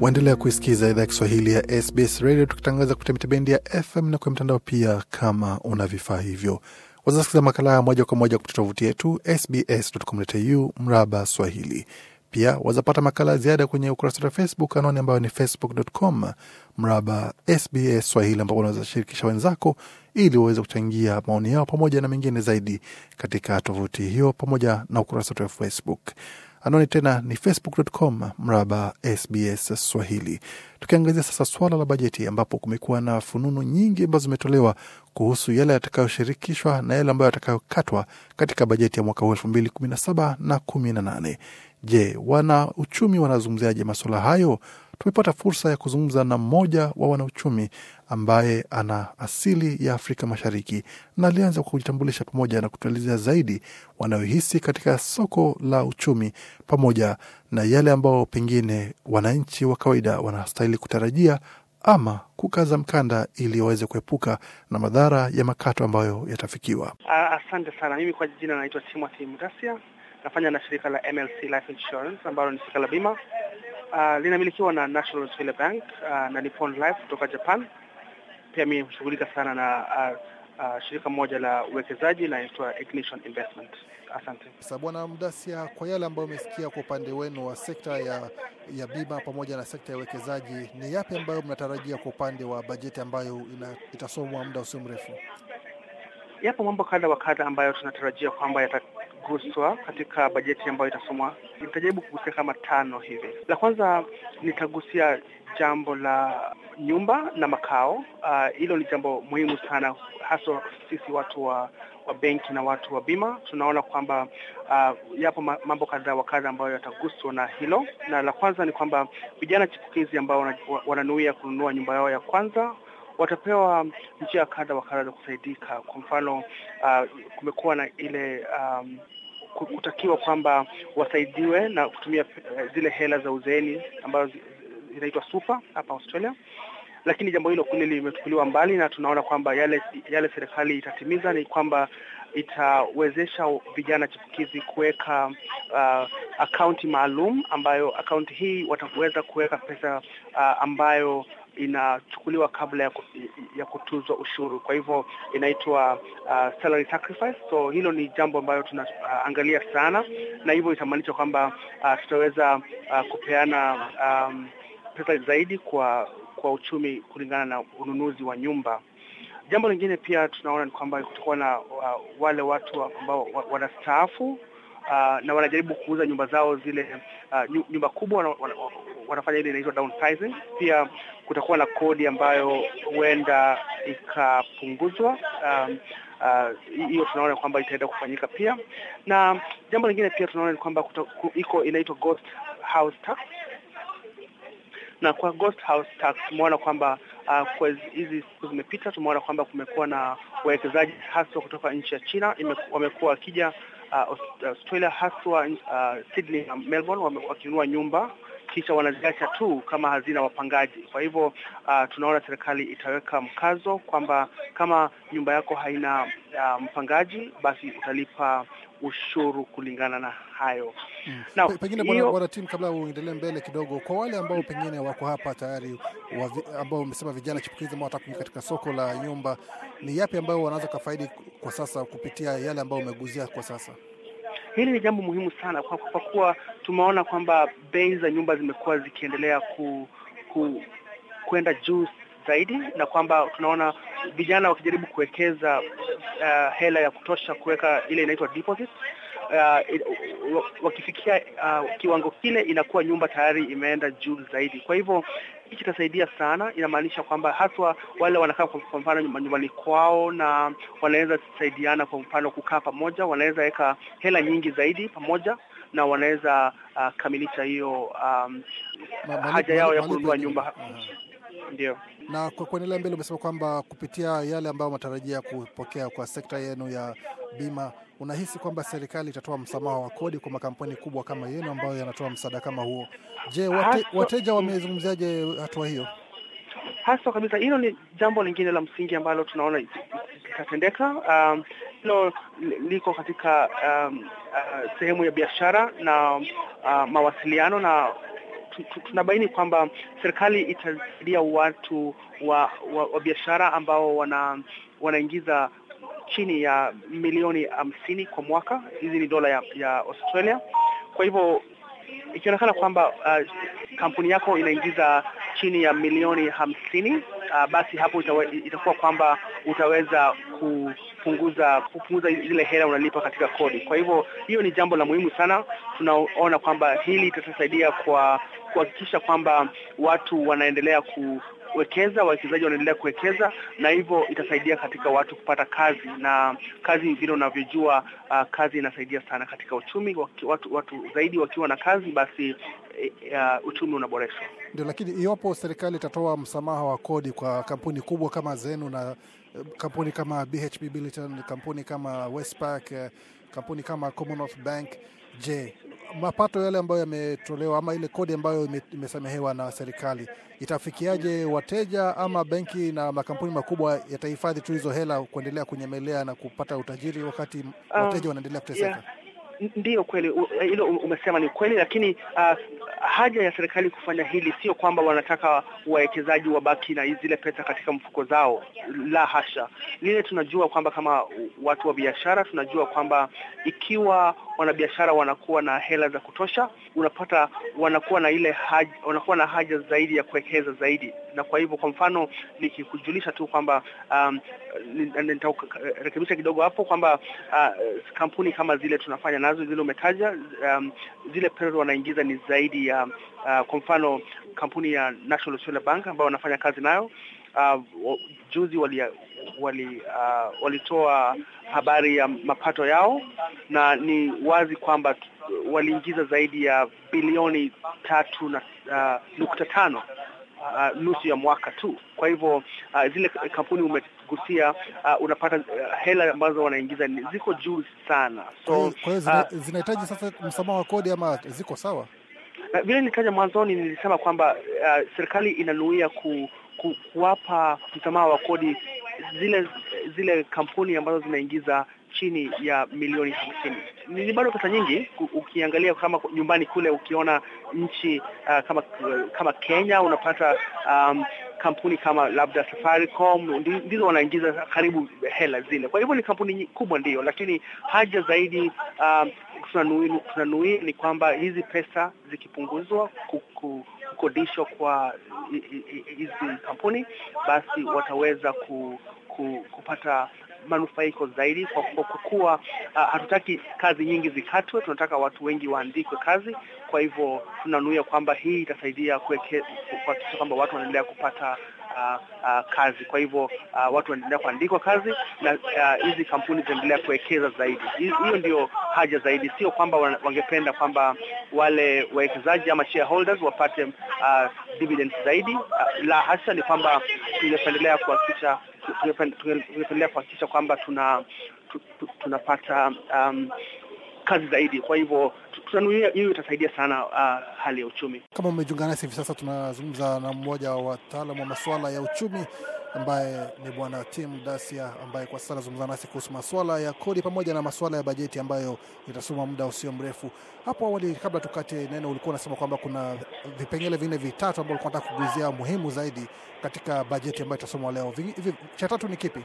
Waendelea kuisikiza idhaa ya Kiswahili ya SBS Radio tukitangaza kupitia mitabendi ya FM na kwenye mtandao pia. Kama una vifaa hivyo, wazasikiza makala ya moja kwa moja kupitia tovuti yetu sbs.com.au mraba swahili. Pia wazapata makala ya ziada kwenye ukurasa wa Facebook, anwani ambayo ni facebook.com mraba SBS Swahili, ambapo unaweza shirikisha wenzako ili waweze kuchangia maoni yao pamoja na mengine zaidi katika tovuti hiyo pamoja na ukurasa wetu wa Facebook. Anwani tena ni facebook.com mraba SBS Swahili. Tukiangazia sasa swala la bajeti, ambapo kumekuwa na fununu nyingi ambazo zimetolewa kuhusu yale yatakayoshirikishwa na yale ambayo yatakayokatwa katika bajeti ya mwaka huu elfu mbili kumi na saba na kumi na nane. Je, wana uchumi wanazungumziaje masuala hayo? tumepata fursa ya kuzungumza na mmoja wa wanauchumi ambaye ana asili ya Afrika Mashariki na alianza kwa kujitambulisha pamoja na kutuelezea zaidi wanayohisi katika soko la uchumi pamoja na yale ambao pengine wananchi wa kawaida wanastahili kutarajia ama kukaza mkanda ili waweze kuepuka na madhara ya makato ambayo yatafikiwa. Asante sana. Mimi kwa jina naitwa Timothy nafanya na shirika la MLC Life Insurance ambalo ni shirika la bima uh, linamilikiwa na National Australia Bank uh, na Nippon Life kutoka Japan. Pia mimi hushughulika sana na uh, uh, shirika moja la uwekezaji linaloitwa Ignition Investment. Asante. Sasa Bwana Mdasia, kwa yale ambayo umesikia kwa upande wenu wa sekta ya, ya bima pamoja na sekta ya uwekezaji, ni yapi ambayo mnatarajia kwa upande wa bajeti ambayo itasomwa muda usio mrefu? Yapo mambo kadha wa kadha ambayo tunatarajia kwamba kuguswa katika bajeti ambayo itasomwa. Nitajaribu kugusia kama tano hivi. La kwanza nitagusia jambo la nyumba na makao. Ah, hilo uh, ni jambo muhimu sana, haswa sisi watu wa wa benki na watu wa bima. Tunaona kwamba uh, yapo mambo kadha wa kadha ambayo yataguswa na hilo, na la kwanza ni kwamba vijana chipukizi ambao wananuia kununua nyumba yao ya kwanza watapewa njia kadha wa kadha za kusaidika. Kwa mfano, uh, kumekuwa na ile um, kutakiwa kwamba wasaidiwe na kutumia eh, zile hela za uzeeni ambazo zinaitwa sufa hapa Australia, lakini jambo hilo kweli limetukuliwa mbali, na tunaona kwamba yale yale serikali itatimiza ni kwamba itawezesha vijana chipukizi kuweka uh, ah, akaunti maalum ambayo akaunti hii wataweza kuweka pesa uh, ambayo inachukuliwa kabla ya, ya kutuzwa ushuru. Kwa hivyo inaitwa uh, salary sacrifice. So hilo ni jambo ambayo tunaangalia uh, sana, na hivyo itamaanisha kwamba uh, tutaweza uh, kupeana um, pesa zaidi kwa kwa uchumi kulingana na ununuzi wa nyumba. Jambo lingine pia tunaona ni kwamba kutakuwa na uh, wale watu ambao wanastaafu Uh, na wanajaribu kuuza nyumba zao zile, uh, nyumba kubwa wanafanya ile inaitwa downsizing. Pia kutakuwa na kodi ambayo huenda ikapunguzwa. Um, uh, hiyo uh, tunaona kwamba itaenda kufanyika pia, na jambo lingine pia tunaona ni kwamba iko inaitwa ghost house tax, na kwa ghost house tax tumeona kwamba uh, hizi siku zimepita, tumeona kwamba kumekuwa na wawekezaji haswa kutoka nchi ya China wamekuwa wakija uh, Australia haswa uh, Sydney na Melbourne wakinunua nyumba kisha wanaziacha tu kama hazina wapangaji. Kwa hivyo uh, tunaona serikali itaweka mkazo kwamba kama nyumba yako haina uh, mpangaji, basi utalipa ushuru kulingana na hayo. Mm. Now, pengine bwana bwana timu, kabla uendelee mbele kidogo, kwa wale ambao pengine wako hapa tayari ambao umesema vijana chipukizi ambao watakuingia katika soko la nyumba, ni yapi ambayo wanaweza kafaidi kwa sasa kupitia yale ambayo umeguzia kwa sasa? Hili ni jambo muhimu sana kwa, kwa kuwa tumeona kwamba bei za nyumba zimekuwa zikiendelea ku, ku, kwenda juu zaidi na kwamba tunaona vijana wakijaribu kuwekeza uh, hela ya kutosha kuweka ile inaitwa deposit uh, wakifikia uh, kiwango kile inakuwa nyumba tayari imeenda juu zaidi. Kwa hivyo Hichi itasaidia sana, inamaanisha kwamba haswa wale wanakaa kwa mfano nyumbani kwao, na wanaweza saidiana, kwa mfano kukaa pamoja, wanaweza weka hela nyingi zaidi pamoja na wanaweza uh, kamilisha hiyo um, haja yao ya kununua nyumba. Ah. Ndio. Na kwa kuendelea mbele, umesema kwamba kupitia yale ambayo matarajia kupokea kwa sekta yenu ya bima Unahisi kwamba serikali itatoa msamaha wa kodi kwa makampuni kubwa kama yenu ambayo yanatoa msaada kama huo? Je, wate, wateja wamezungumziaje hatua hiyo? Haswa kabisa, hilo ni jambo lingine la msingi ambalo tunaona litatendeka. Um, hilo liko katika um, uh, sehemu ya biashara na uh, mawasiliano na tunabaini kwamba serikali itasaidia watu wa, wa, wa biashara ambao wana wanaingiza chini ya milioni hamsini kwa mwaka. Hizi ni dola ya, ya Australia. Kwa hivyo ikionekana kwamba uh, kampuni yako inaingiza chini ya milioni hamsini uh, basi hapo itawe, itakuwa kwamba utaweza kupunguza kupunguza zile hela unalipa katika kodi. Kwa hivyo hiyo ni jambo la muhimu sana. Tunaona kwamba hili itatusaidia kwa kuhakikisha kwamba watu wanaendelea ku, wekeza, wawekezaji wanaendelea kuwekeza, na hivyo itasaidia katika watu kupata kazi, na kazi vile unavyojua, uh, kazi inasaidia sana katika uchumi. Watu, watu zaidi wakiwa na kazi, basi uh, uchumi unaboreshwa. Ndio, lakini iwapo serikali itatoa msamaha wa kodi kwa kampuni kubwa kama zenu na eh, kampuni kama BHP Billiton, kampuni kama Westpac, kampuni kama Commonwealth Bank, je, mapato yale ambayo yametolewa ama ile kodi ambayo imesamehewa na serikali itafikiaje wateja ama benki na makampuni makubwa yatahifadhi tu hizo hela kuendelea kunyemelea na kupata utajiri wakati um, wateja wanaendelea kuteseka? Yeah. Ndiyo, kweli eh, hilo umesema ni kweli, lakini uh, haja ya serikali kufanya hili sio kwamba wanataka wawekezaji wabaki na zile pesa katika mfuko zao, la hasha. Lile tunajua kwamba kama watu wa biashara tunajua kwamba ikiwa wanabiashara wanakuwa na hela za kutosha, unapata wanakuwa na ile haja, wanakuwa na haja zaidi ya kuwekeza zaidi. Na kwa hivyo, kwa mfano nikikujulisha tu kwamba um, nitarekebisha kidogo hapo kwamba uh, kampuni kama zile tunafanya nazo zile umetaja, um, zile pesa wanaingiza ni zaidi ya uh, kwa mfano kampuni ya National Bank ambayo wanafanya kazi nayo uh, juzi walitoa wali, uh, walitoa habari ya mapato yao, na ni wazi kwamba waliingiza zaidi ya bilioni tatu na uh, nukta tano uh, nusu ya mwaka tu. Kwa hivyo uh, zile kampuni umegusia uh, unapata uh, hela ambazo wanaingiza ziko juu sana, so kwa hiyo uh, zinahitaji uh, sasa msamaha wa kodi ama ziko sawa? Uh, vile nikaja mwanzoni, nilisema kwamba uh, serikali inanuia ku ku, kuwapa msamaha wa kodi zile zile kampuni ambazo zinaingiza chini ya milioni hamsini. Ni bado pesa nyingi, ukiangalia kama nyumbani kule, ukiona nchi uh, kama kama Kenya unapata um, kampuni kama labda Safaricom ndizo wanaingiza karibu hela zile. Kwa hivyo ni kampuni kubwa ndiyo, lakini haja zaidi um, tunanuia ni kwamba hizi pesa zikipunguzwa kukodishwa kwa hizi kampuni, basi wataweza ku, ku, kupata manufaiko zaidi kwa, kwa uh, hatutaki kazi nyingi zikatwe, tunataka watu wengi waandikwe kazi. Kwa hivyo tunanuia kwamba hii itasaidia kuhakikisha kwamba watu wanaendelea kupata Uh, uh, kazi. Kwa hivyo uh, watu wanaendelea kuandikwa kazi na hizi uh, kampuni zinaendelea kuwekeza zaidi. Hiyo ndio haja zaidi, sio kwamba wangependa kwamba wale wawekezaji ama shareholders wapate uh, zaidi. Uh, la hasa ni kwamba tungependelea kuhakikisha tungependelea kuhakikisha kwamba tuna tunapata um, kazi zaidi. Kwa hivyo hiyo itasaidia sana uh, hali ya uchumi. Kama umejiunga nasi hivi sasa, tunazungumza na mmoja wa wataalamu wa masuala ya uchumi ambaye ni bwana Tim Dasia ambaye kwa sasa anazungumza nasi kuhusu masuala ya kodi pamoja na masuala ya bajeti ambayo itasoma muda usio mrefu. Hapo awali, kabla tukate neno, ulikuwa unasema kwamba kuna vipengele vinne vitatu ambavyo ulikuwa unataka kuguzia muhimu zaidi katika bajeti ambayo itasomwa leo. Cha tatu ni kipi?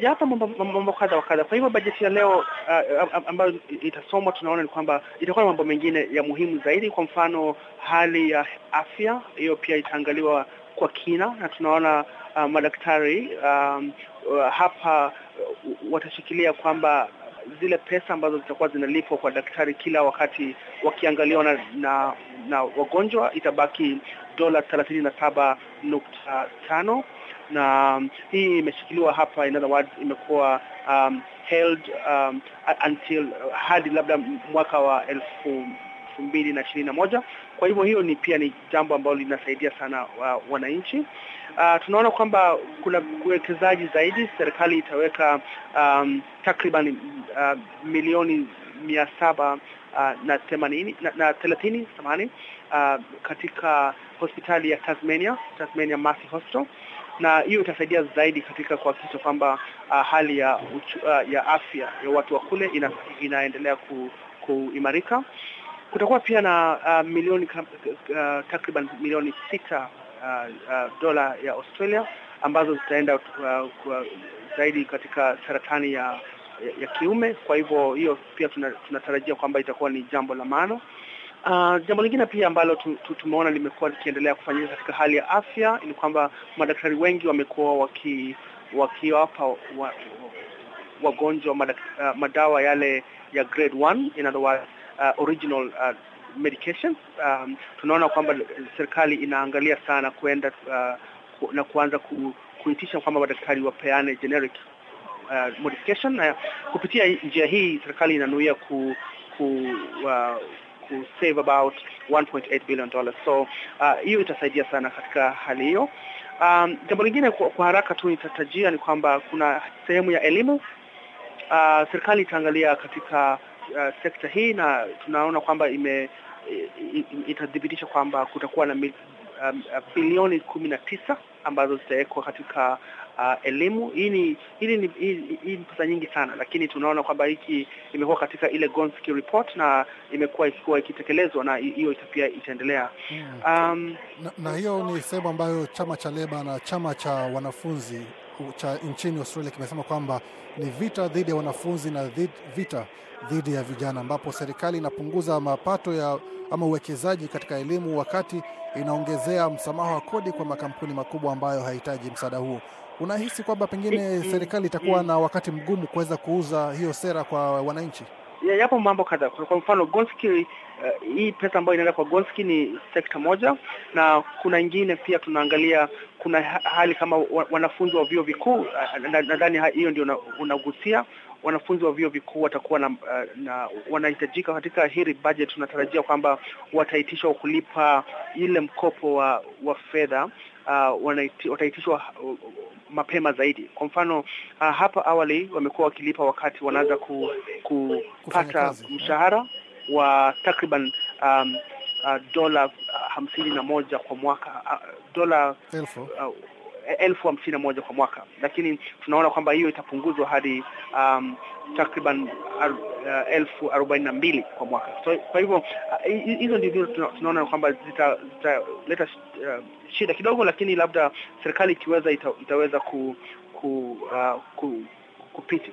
Yapo mambo kadha wa kadha. Kwa hivyo bajeti ya leo uh, ambayo itasomwa, tunaona ni kwamba itakuwa na mambo mengine ya muhimu zaidi. Kwa mfano, hali ya afya, hiyo pia itaangaliwa kwa kina na tunaona uh, madaktari um, uh, hapa uh, watashikilia kwamba zile pesa ambazo zitakuwa zinalipwa kwa daktari kila wakati wakiangaliwa na, na, na wagonjwa itabaki dola thelathini na saba nukta tano na um, hii imeshikiliwa hapa, in other words, imekuwa um, held um, until uh, hadi labda mwaka wa elfu elfu mbili na ishirini na moja. Kwa hivyo hiyo ni pia ni jambo ambalo linasaidia sana wa, wananchi. Uh, tunaona kwamba kuna uwekezaji zaidi, serikali itaweka um, takriban uh, milioni mia saba uh, na themanini na, na thelathini samani uh, katika hospitali ya Tasmania, Tasmania Mercy Hospital na hiyo itasaidia zaidi katika kuhakikisha kwamba uh, hali ya, uchu, uh, ya afya ya watu wa kule ina, inaendelea ku, kuimarika Kutakuwa pia na uh, milioni uh, takriban milioni sita uh, uh, dola ya Australia ambazo zitaenda uh, kwa zaidi katika saratani ya, ya, ya kiume. Kwa hivyo hiyo pia tunatarajia tuna kwamba itakuwa ni jambo la maana. Uh, jambo lingine pia ambalo tumeona limekuwa likiendelea kufanyika katika hali ya afya ni kwamba madaktari wengi wamekuwa waki wakiwapa wa, wagonjwa uh, madawa yale ya grade in other words uh, original uh, medications. Um, tunaona kwamba serikali inaangalia sana kuenda uh, na kuanza ku, kuitisha kwamba madaktari wapeane generic uh, modification na kupitia njia hii serikali inanuia ku, ku, uh, ku save about 1.8 billion dollars. So uh, hiyo uh, itasaidia sana katika hali hiyo. Um, jambo lingine kwa, kwa haraka tu nitatajia ni kwamba kuna sehemu ya elimu uh, serikali itaangalia katika uh, sekta hii na tunaona kwamba ime itathibitisha kwamba kutakuwa na um, uh, bilioni um, kumi na tisa ambazo zitawekwa katika uh, elimu. Hii ni hili ni hii ni pesa nyingi sana, lakini tunaona kwamba hiki imekuwa katika ile Gonski report na imekuwa ikikuwa ikitekelezwa na hiyo pia itaendelea. Hmm. Um, na, na hiyo ni sehemu ambayo chama cha Leba na chama cha wanafunzi cha nchini Australia kimesema kwamba ni vita dhidi ya wanafunzi na vita dhidi ya vijana, ambapo serikali inapunguza mapato ya ama uwekezaji katika elimu, wakati inaongezea msamaha wa kodi kwa makampuni makubwa ambayo hahitaji msaada huo. Unahisi kwamba pengine serikali itakuwa na wakati mgumu kuweza kuuza hiyo sera kwa wananchi? yapo mambo kadhaa. Kwa mfano Gonski, uh, hii pesa ambayo inaenda kwa Gonski ni sekta moja, na kuna ingine pia tunaangalia, kuna hali kama wanafunzi wa vyuo vikuu, eh, nadhani hiyo ndio unagusia wanafunzi wa vyuo vikuu watakuwa na, eh, na wanahitajika katika hili budget. Tunatarajia kwamba wataitishwa kulipa ile mkopo wa, wa fedha uh, wataitishwa uh, mapema zaidi. Kwa mfano uh, hapa awali wamekuwa wakilipa wakati wanaanza ku, kupata eh? mshahara wa takriban um, uh, dola uh, hamsini na moja kwa mwaka uh, dola elfu uh, elfu hamsini na moja kwa mwaka, lakini tunaona kwamba hiyo itapunguzwa hadi um, takriban ar, uh, elfu arobaini na mbili kwa mwaka. So, kwa hivyo uh, hizo uh, ndio tunaona kwamba zitaleta zita uh, shida kidogo, lakini labda serikali ikiweza ita, itaweza ku, ku, uh, ku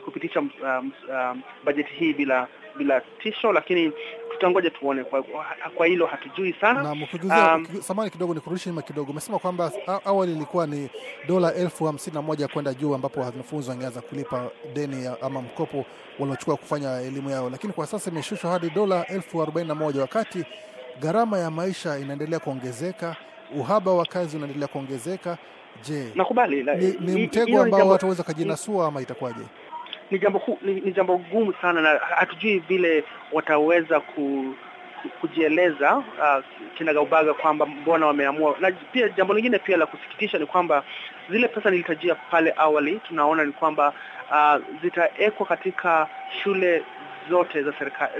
kupitisha um, um, bajeti hii bila bila tisho, lakini tutangoja tuone. Kwa, kwa hilo hatujui sana na mkujuzia, um, samani kidogo ni kurudisha nyuma kidogo. Umesema kwamba awali ilikuwa ni dola elfu hamsini na moja kwenda juu, ambapo wanafunzi wangeanza kulipa deni ya, ama mkopo waliochukua kufanya elimu yao, lakini kwa sasa imeshushwa hadi dola elfu arobaini na moja wakati gharama ya maisha inaendelea kuongezeka, uhaba wa kazi unaendelea kuongezeka. Je, nakubali ni, ni mtego ambao watu waweza kujinasua ama itakuwaje? ni jambo ni, ni jambo gumu sana na hatujui vile wataweza ku, ku, kujieleza uh, kinagaubaga kwamba mbona wameamua. Na pia jambo lingine pia la kusikitisha ni kwamba zile pesa nilitajia pale awali, tunaona ni kwamba uh, zitawekwa katika shule zote za serikali,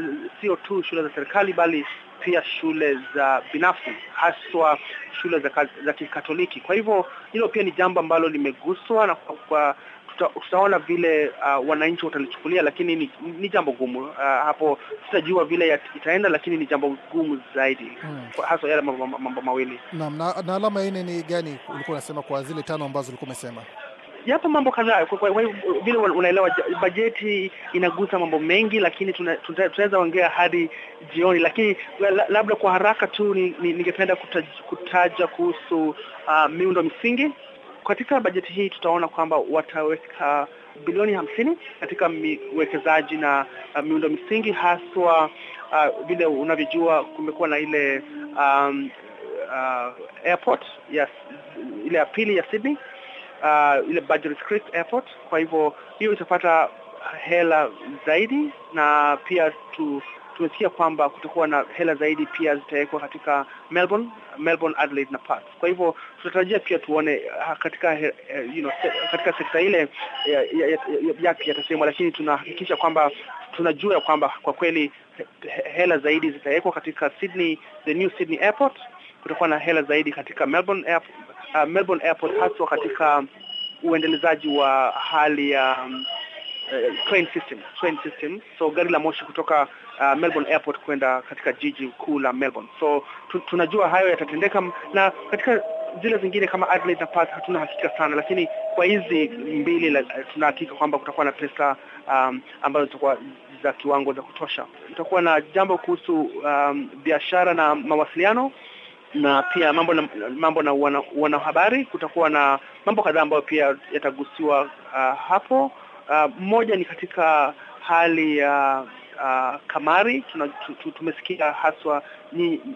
sio tu shule za serikali bali pia shule za binafsi haswa shule za, za Kikatoliki. Kwa hivyo hilo pia ni jambo ambalo limeguswa na kwa, kwa uta, vile uh, wananchi watalichukulia, lakini ni, ni jambo gumu uh, hapo sitajua vile itaenda, lakini ni jambo gumu zaidi hmm. Hasa yale mambo, mambo mawili naam. Na, na alama ya ni gani ulikuwa unasema kwa zile tano ambazo ulikuwa umesema? Yapo mambo kadhaa, kwa hivyo vile unaelewa, bajeti inagusa mambo mengi, lakini tunaweza ongea hadi jioni, lakini labda kwa haraka tu ningependa ni, ni kutaja kuhusu uh, miundo msingi katika bajeti hii tutaona kwamba wataweka bilioni hamsini katika uwekezaji na uh, miundo misingi haswa uh, vile unavyojua kumekuwa na ile um, uh, airport ya ile ya pili ya Sydney uh, ile Badgerys Creek Airport. Kwa hivyo hiyo itapata hela zaidi na pia tu tumesikia kwamba kutakuwa na hela zaidi pia zitawekwa katika Melbourne, Melbourne, Adelaide na Perth. Kwa hivyo tunatarajia pia tuone uh, katika uh, you know, katika sekta ile yapi ya, ya, ya, yatasemwa, lakini tunahakikisha kwamba tunajua kwamba kwa kweli hela zaidi zitawekwa katika Sydney, the new Sydney Airport. Kutakuwa na hela zaidi katika Melbourne Airport, uh, Melbourne Airport haswa katika uendelezaji wa hali ya um, Uh, train system, train system. So gari la moshi kutoka uh, Melbourne Airport kwenda katika jiji kuu la Melbourne. So tunajua hayo yatatendeka, na katika zile zingine kama Adelaide na Perth hatuna hakika sana, lakini kwa hizi mbili uh, tunahakika kwamba kutakuwa na pesa um, ambazo zitakuwa za kiwango za kutosha. Tutakuwa na jambo kuhusu um, biashara na mawasiliano na pia mambo na, mambo na wanahabari. Wana kutakuwa na mambo kadhaa ambayo pia yatagusiwa uh, hapo. Mmoja ah, ni katika hali ya uh, uh, kamari tumesikia haswa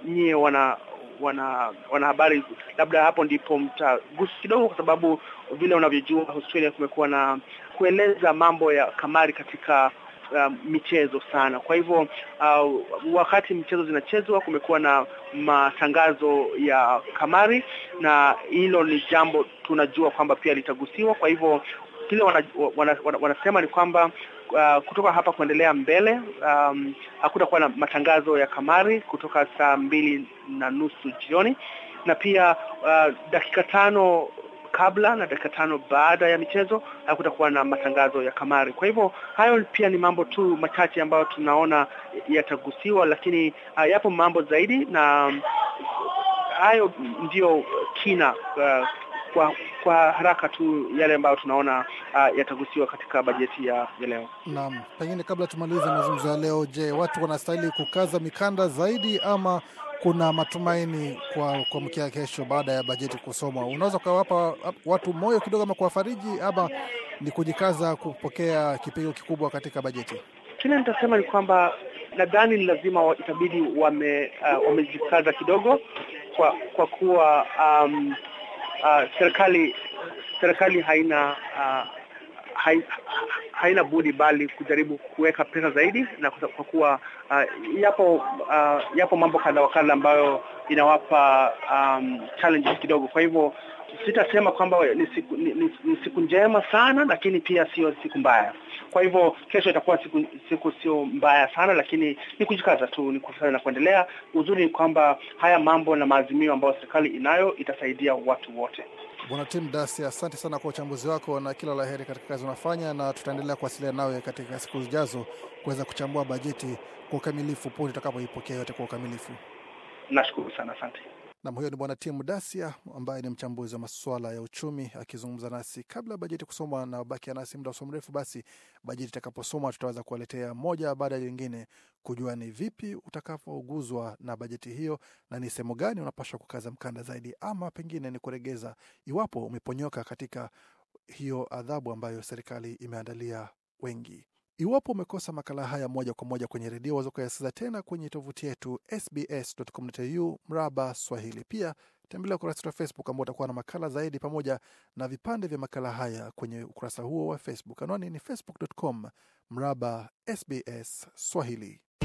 nyie wana wana wanahabari, labda hapo ndipo mtagusa kidogo, kwa sababu vile unavyojua Australia kumekuwa na kueleza mambo ya kamari katika uh, michezo sana. Kwa hivyo uh, wakati michezo zinachezwa kumekuwa na matangazo ya kamari, na hilo ni jambo tunajua kwamba pia litagusiwa. Kwa hivyo kile wanasema wana, wana, wana ni kwamba uh, kutoka hapa kuendelea mbele um, hakutakuwa na matangazo ya kamari kutoka saa mbili na nusu jioni na pia uh, dakika tano kabla na dakika tano baada ya michezo hakutakuwa na matangazo ya kamari. Kwa hivyo hayo pia ni mambo tu machache ambayo tunaona yatagusiwa, lakini uh, yapo mambo zaidi na um, hayo ndiyo kina uh, kwa kwa haraka tu yale ambayo tunaona uh, yatagusiwa katika bajeti ya, leo. Naam, pengine kabla tumalize mazungumzo ya leo, je, watu wanastahili kukaza mikanda zaidi ama kuna matumaini kwa kuamkia kesho baada ya bajeti kusomwa? Unaweza ukawapa watu moyo kidogo ama kuwafariji, ama ni kujikaza kupokea kipigo kikubwa katika bajeti? Kile nitasema ni kwamba nadhani ni lazima itabidi wame, uh, wamejikaza kidogo kwa, kwa kuwa um, uh, serikali serikali haina uh, hai, haina budi bali kujaribu kuweka pesa zaidi, na kwa kuwa uh, yapo uh, yapo mambo kadha wa kadha ambayo inawapa um, challenges kidogo. Kwa hivyo sitasema kwamba ni siku ni, ni, ni siku njema sana, lakini pia sio siku mbaya. Kwa hivyo kesho itakuwa siku siku sio mbaya sana, lakini ni kujikaza tu, ni kufanya na kuendelea. Uzuri ni kwamba haya mambo na maazimio ambayo serikali inayo itasaidia watu wote. Bwana Tim Dasi, asante sana kwa uchambuzi wako na kila la heri katika kazi unafanya, na tutaendelea kuwasiliana nawe katika siku zijazo kuweza kuchambua bajeti kwa ukamilifu, pote utakapoipokea yote kwa ukamilifu. Nashukuru sana, asante. Nam, huyo ni bwana Tim Dasia ambaye ni mchambuzi wa masuala ya uchumi akizungumza nasi kabla bajeti kusomwa na bakia nasi muda uso mrefu. Basi bajeti itakaposomwa, tutaweza kuwaletea moja baada ya nyingine kujua ni vipi utakavyoguzwa na bajeti hiyo na ni sehemu gani unapaswa kukaza mkanda zaidi, ama pengine ni kuregeza iwapo umeponyoka katika hiyo adhabu ambayo serikali imeandalia wengi. Iwapo umekosa makala haya moja kwa moja kwenye redio, waweza kuyasikiza tena kwenye tovuti yetu sbs.com.au mraba Swahili. Pia tembelea ukurasa wetu wa Facebook ambao utakuwa na makala zaidi pamoja na vipande vya makala haya kwenye ukurasa huo wa Facebook. Anwani ni facebook.com mraba SBS Swahili.